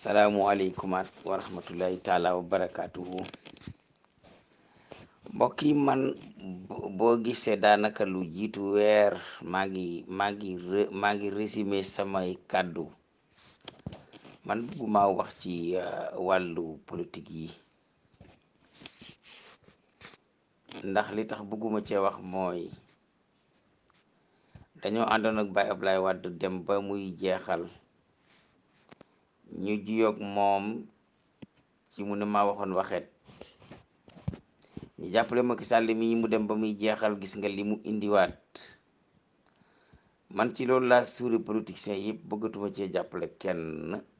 asalaamualeykum wa rahmatullahi taala wa barakaatuhu mbokk yi man boo gisee daanaka lu jiitu weer maa ngi maa ngi samay kàddu man bugguma wax ci euh, wàllu politique yi ndax li tax bugguma cee wax mooy dañoo àndoon ak Baye Ablaye dem ba muy jeexal ñu jiyoog moom ci mu ne maa waxoon waxeet ñu jàppale Macky Sall mii mu dem ba muy jeexal gis nga li mu indiwaat man ci loolu laa suuri politicien yëpp bëggatuma cee jàppale kenn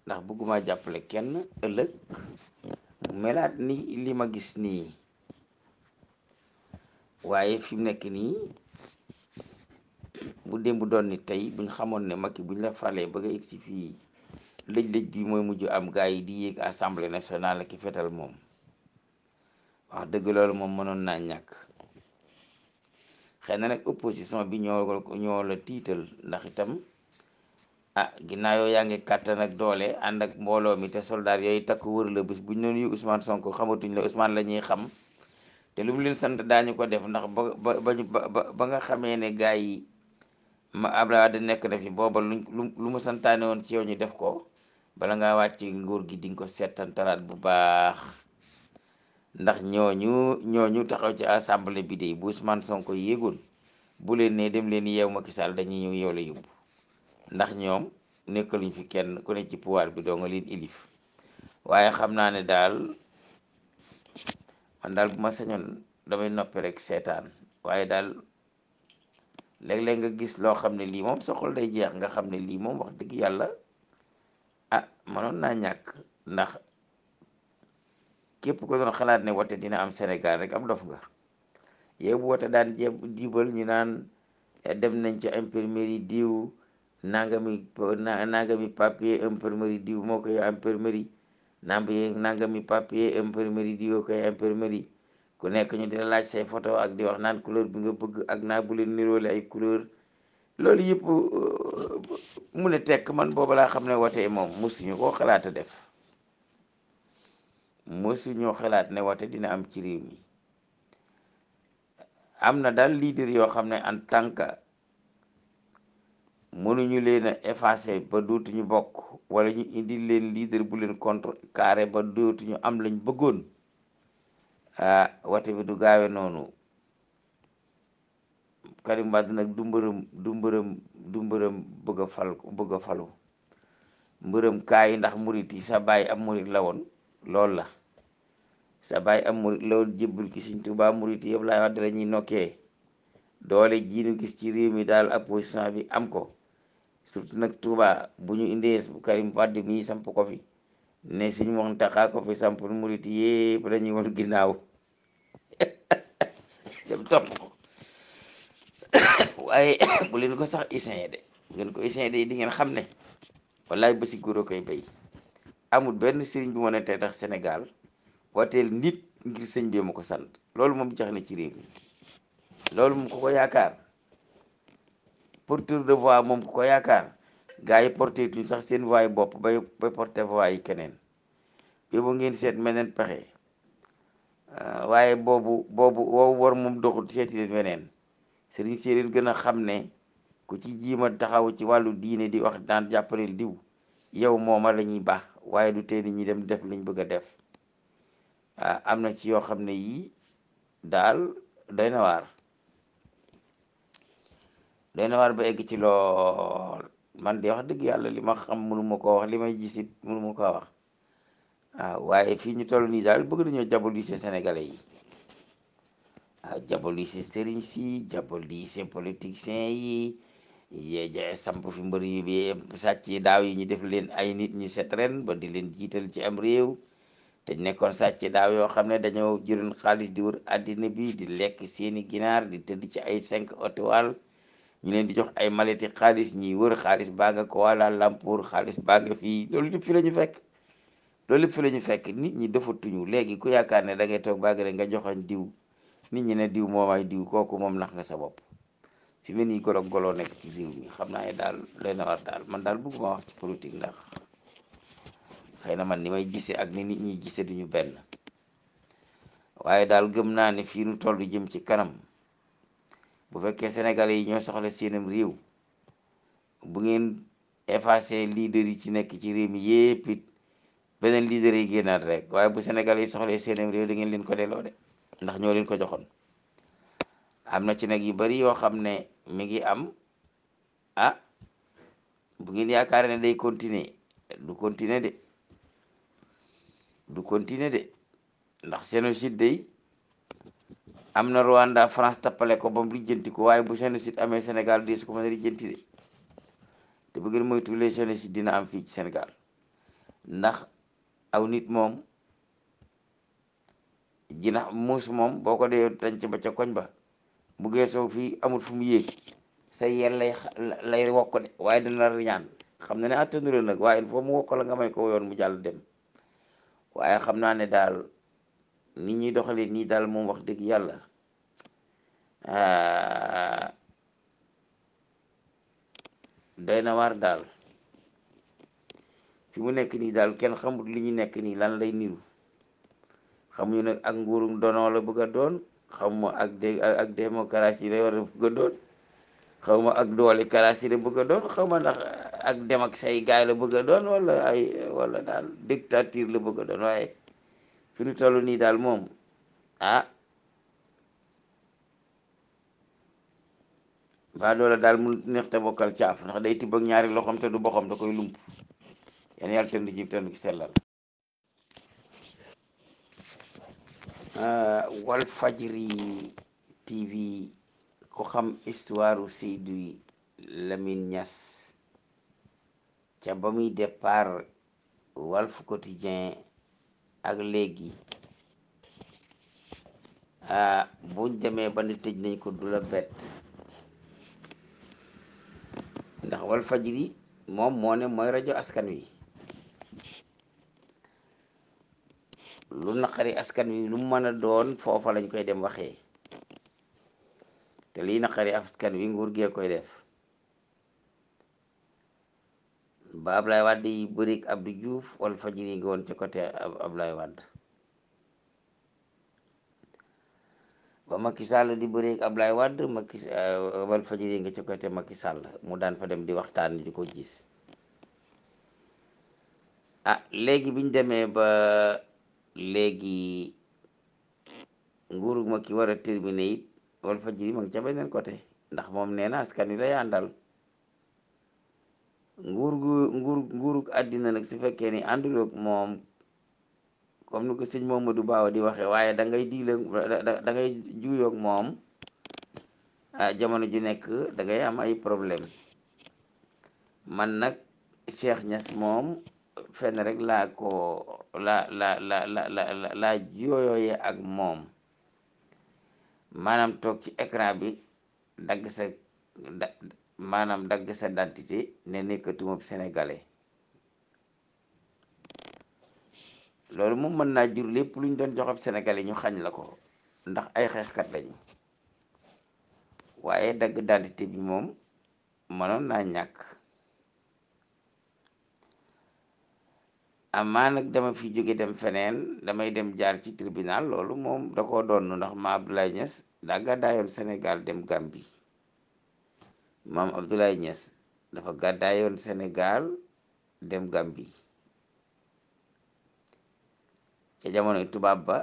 ndax bëgguma jàppale kenn ëllëg melaat ni li ma gis nii waaye fi mu nekk nii bu démb doon ni tey buñ xamoon ne Macky buñ la falee bëgg a egsi fii lëj-lëj bi mooy mujj am gars yi di yéeg assemblée nationale ki fetal moom wax dëgg loolu moom mënoon naa ñàkk xëy na nag opposition bi ñoo ñoo la tiital ndax itam ah ginnaaw yoo yaa ngi kàttan ak doole ànd ak mbooloo mi te soldat yooyu takk wër la bu ñu doon yu Sonko xamatuñ la Ousmane la ñuy xam te lu leen sant daañu ko def ndax ba ba ba ba nga xamee ne gaa yi ma Abdoulaye Wade nekk na fi booba luñ lu mu santaane woon ci yow ñu def ko bala ngaa wàcc nguur gi dinga ko talaat bu baax ndax ñooñu ñooñu taxaw ci assemblée bi de bu Ousmane Sonko yéegoon bu leen ne dem leen yeew Macky Sall dañuy ñëw yow la yóbbu ndax ñoom nekkaluñ fi kenn ku ne ci pouvoir bi doo nga leen ilif waaye xam naa ne daal man daal bu ma sañoon damay noppi rek seetaan waaye daal léeg-léeg nga gis loo xam ne lii moom soxol day jeex nga xam ne lii moom wax dëgg yàlla mënoon naa ñàkk ndax képp ko doon xalaat ne wote dina am Sénégal rek am dof nga yow bu daan jéem jibal ñu naan eh, dem nañ ci imprimerie diw nangami nangami papier imprimerie diw moo koy imprimerie nambi nangami papier imprimerie diw koy imprimerie ku nekk ñu dina laaj say photo ak di wax naan couleur bi nga bëgg ak naa bu leen niroole ay couleur loolu yëpp euh, mu ne tekk man booba laa xam ne wote moom mosuñu koo xalaat a def mosuñoo xalaat ne wote dina am ci réew mi am na daal leader yoo xam ne en tant que mënuñu leen a effacer ba dootuñu bokk wala ñu indi leen leader bu leen contre carré ba dootuñu am lañ bëggoon ah wote bi du gaawe noonu Karim Wade nag du mbërëm du mbërëm du mbërëm bëgg fal bëgg falu mbërëm kaay ndax murit yi sa baay am murit lawoon woon la sa baay am murit la woon jébbal ki Sëñ Tuubaa murit yëpp laay ñuy nokkee doole ji gis ci réew mi daal opposition bi am ko surtout nag Touba bu ñu indee bu Karim Wade mii samp ko fi ne Sëñ Muntaxa ko fi ginnaaw waaye bu leen ko sax isin de bu ngeen ko isin de di ngeen xam ne wallaay ba si góor a koy bay amul benn sëriñ bi moo ne tey tax Sénégal wooteel nit sëñ bi ko sant loolu moom jax na ci réew mi loolu moom ko ko yaakaar porteur de voix moom ko ko yaakaar gaa yi porté tuñ sax seen voix bopp bay bay porté voix yi keneen bi bu ngeen seet meneen pexe ah, waaye boobu boobu woowu war moom doxul seeti leen weneen sëriñ séeréer gën a xam ne ku ci jiima taxaw ci wàllu diine di wax daan jàppareel diw yow mooma la ñuy baax waaye du tee nit ñi dem def liñ bëgg a def ah, am na ci yoo xam ne yii daal doy na waar doy na waar ba egg ci lool man de wax dëgg yàlla li ma xam mënu koo wax li may gisit mënu ma koo wax waaw ah, waaye fii ñu toll nii daal bëgg nañoo see sénégalais yi diabolise sëriñ si diabolise politiciens yi yeeja samp fi mbër yu bi sàcc yi daaw yi ñu def leen ay nit ñu set ren ba di leen jiital ci am réew te nekkoon sàcc daaw yoo xam ne dañoo jëloon xaalis di wër àddina bi di lekk seeni ginaar di tëdd ci ay cinq otiwaal ñu leen di jox ay maleti xaalis ñuy wër xaalis baa nga ko wala lampour xaalis baa nga fii loolu yëpp fi la ñu fekk loolu yëpp fi la ñu fekk nit ñi defatuñu léegi ku yaakaar ne da ngay nga nga joxoon nit ñi ne diw moom ay diw kooku moom nax nga sa bopp fi mu nii golo golo nekk ci réew mi xam naa ne daal doy na war daal man daal bëgguma wax ci politique ndax xëy na man ni may gisee ak ni nit ñi gisee duñu benn waaye daal gëm naa ni fii nu toll jëm ci kanam bu fekkee sénégalais yi ñoo soxla seenam réew bu ngeen effacé leader yi ci nekk ci réew mi yépp it beneen leader yi génnaat rek waaye bu sénégalais yi soxla seenam réew da ngeen leen ko delloo de. ndax ñoo leen ko joxoon am na ci nag yu bari yoo xam ne mi ngi am a ah, bu ngeen yaakaar ne day continuer du continuer de du continuer de ndax génocide day am na Rwanda France tappale ko ba mu lijjanti ko waaye bu génocide amee Sénégal di su ko mën a lijjanti de te bu ngeen moytuwulee génocide dina am fii ci Sénégal ndax aw nit moom jinax muus moom boo ko dee tànc ba ca koñ ba bu geesoo fii amul fu mu yéeg sa yel lay wokk de waaye dana riñaan xam na ne atténuréel nag waaye il mu wokk la nga may ko yoon mu jàll dem waaye xam naa ne daal ni ñuy doxale nii daal moom wax dëgg yàlla ah, doy na waar daal fi mu nekk nii daal kenn xamut li ñu nekk nii lan lay niru xamuñu nag ak nguurum donoo la bëgg a doon xawma ak dé ak démocratie la war a bëgg doon xawma ak doole karaasi la bëgg a doon ndax ak dem ak say gaay la bëgg a doon wala ay dictature la bëgg a doon waaye fi ñu toll nii daal moom ah baa doola daal mu neex te bokkal caaf ndax day tibb ak ñaari loxoom te du boxam da koy lump yan yàlla ten di jib ten sellal Euh, wal fajiri TV ku xam histoire Seydi Lamine ñas ca ba muy départ Walf Quotidien ak léegi euh, buñ demee ba ne tëj nañ ko dula la bett ndax Walfajri moom moo ne mooy rajo askan wi lu naqari askan wi lu mën a doon foofa lañ koy dem waxee te lii naqari askan wi nguur gee koy def ba Ablaye Wade yi bërik Abdou Diouf wal fajiri ngi woon ci côté Ablaye Wade ba Macky Sall di bërik Ablaye Wade Macky euh, wal fajiri nga ci côté Macky Sall mu daan fa dem di waxtaan di ko gis ah léegi biñ demee ba léegi nguuru ma ki war a terminé it fa ma ngi ca beneen côté ndax moom nee na askan wi lay àndal nguur gu nguur nguurug àddina nag su fekkee ni ànduloog moom comme ni ko sëñ Mamadou Baaw di waxee waaye da ngay diile da juuyoog moom a ah, jamono ju nekk da ngay am ay problème man nag Cheikh ñas moom fenn rek laa ko la la la laa jooyooyee ak moom maanaam toog ci écran bi dagg sa da maanaam dagg sa identité ne nekkatuma sénégalais loolu moom mën naa jur lépp lu ñu doon jox ab ñu xañ la ko ndax ay xeexkat lañu waaye dagg identité bi moom mënoon naa ñàkk amaa nag dama fi jóge dem feneen damay dem jaar ci tribunal loolu moom da ko doon ndax ma Abdoulaye Niass daa gàddaayoon Sénégal dem Gambie maam Abdoulaye Niass dafa gàddaayoon Sénégal dem Gambie ca jamonoy tubaab ba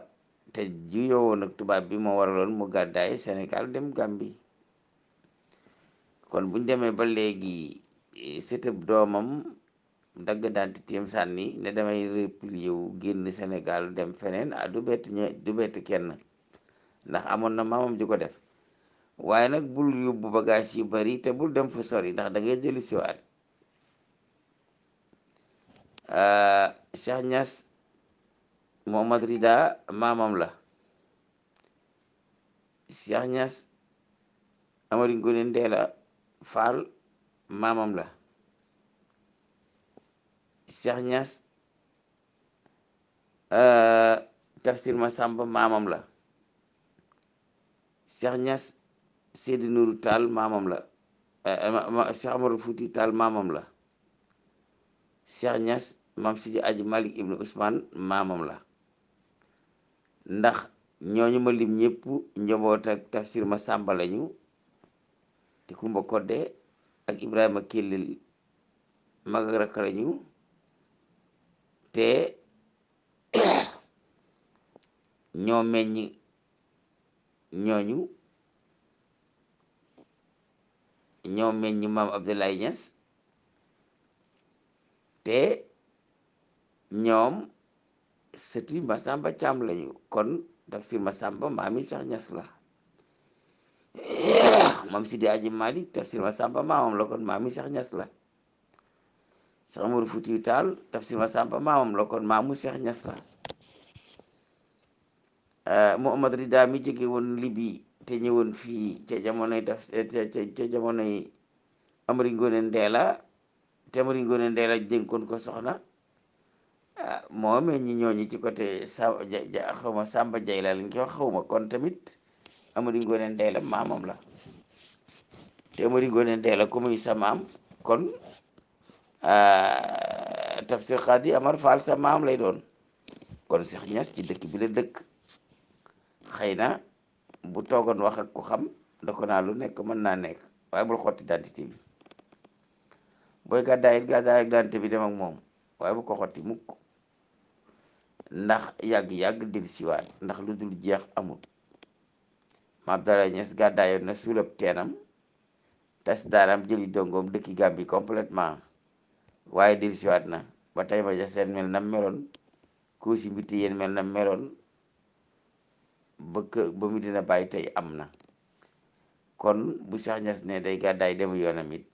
te juyoo woon ak tubaab bi moo waraloon mu gàddaay Sénégal dem Gambie kon buñ demee ba léegi eh, sëtëb doomam dagg daan ti tiim sànni ne demay replier wu génn Sénégal dem feneen ah du bett ñe du kenn ndax amoon na maamam ji ko def waaye nag bul yóbbu bagage yi bari te bul dem fu sori ndax da ngay dellu siwaat ah, Cheikh Niass Mohamad Rida maamam la Cheikh Niass Amari Ngoné Ndeela Fall maamam la Cheikh Niass euh, tafsir Massamba maamam la Cheikh Niass Seydi Nourou Tall la euh, Cheikh Amadou Fouti Tall maamam la Cheikh Niass maam Aji Malik ibnu Ousmane maamam la ndax ñooñu ma lim ñëpp njaboot ak tafsir Massamba lañu te Kumba Kodde ak Ibrahima Kellil mag lañu te ñoo meññ ñooñu ñoo meññ maam Abdoulaye Niass te ñoom sëti Masamba Caam lañu kon tafsir Masamba maami Cheikh Niass la moom Sidi Aji Malik tafsir Masamba maamam la kon maami Cheikh Niass la Cheikh Omar Foutiyu Taal Tafsir Masamba la kon maamu Cheikh Ñas la eh, Muhammad Rida mi jóge woon Libi te ñëwoon fii ca jamonoy daf eh, ca jamonoy Amari Ngoone Ndeela te Amari Ngoone Ndeela dénkoon ko soxna eh, moome ñi ñooñu ci côté sa ma Samba Jay la lañ ko ma kon tamit Amari Ngoone Ndeela maamam la te Amari Ngoone Ndeela ku muy sa maam kon Euh, tafsir xaadi amar faal sa maam lay doon kon Cheikh Niass ci dëkk bi la dëkk xëy na bu toogoon wax ak ku xam da naa lu nekk mën naa nekk waaye bul gàddaay it bi dem ak moom waaye bu ko xotti mukk ndax yàgg-yàgg dil siwaat ndax lu dul jeex amul maam Abdoulaye Niass gàddaayoon na suulab teenam tas daaraam jëli dongoom dëkki Gàmbi complètement waaye dil siwaat na ba tey ba ja mel na meloon kuusi mbitti yéen mel na meroon ba kër ba mu dina bàyyi tey am na kon bu Cheikh Niass ne day gàddaay demu yoonam it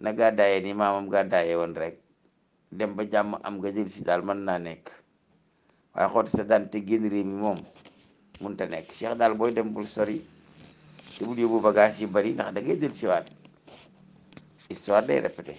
na gàddaayee ni maamam gàddaayee woon rek dem ba jàmm am nga jël si daal mën naa nekk waaye xooti sa daan te génn réew mi moom munta nekk Cheikh daal booy dem bul sori te bul yóbbu bagage yi bari ndax da ngay jël siwaat histoire day répété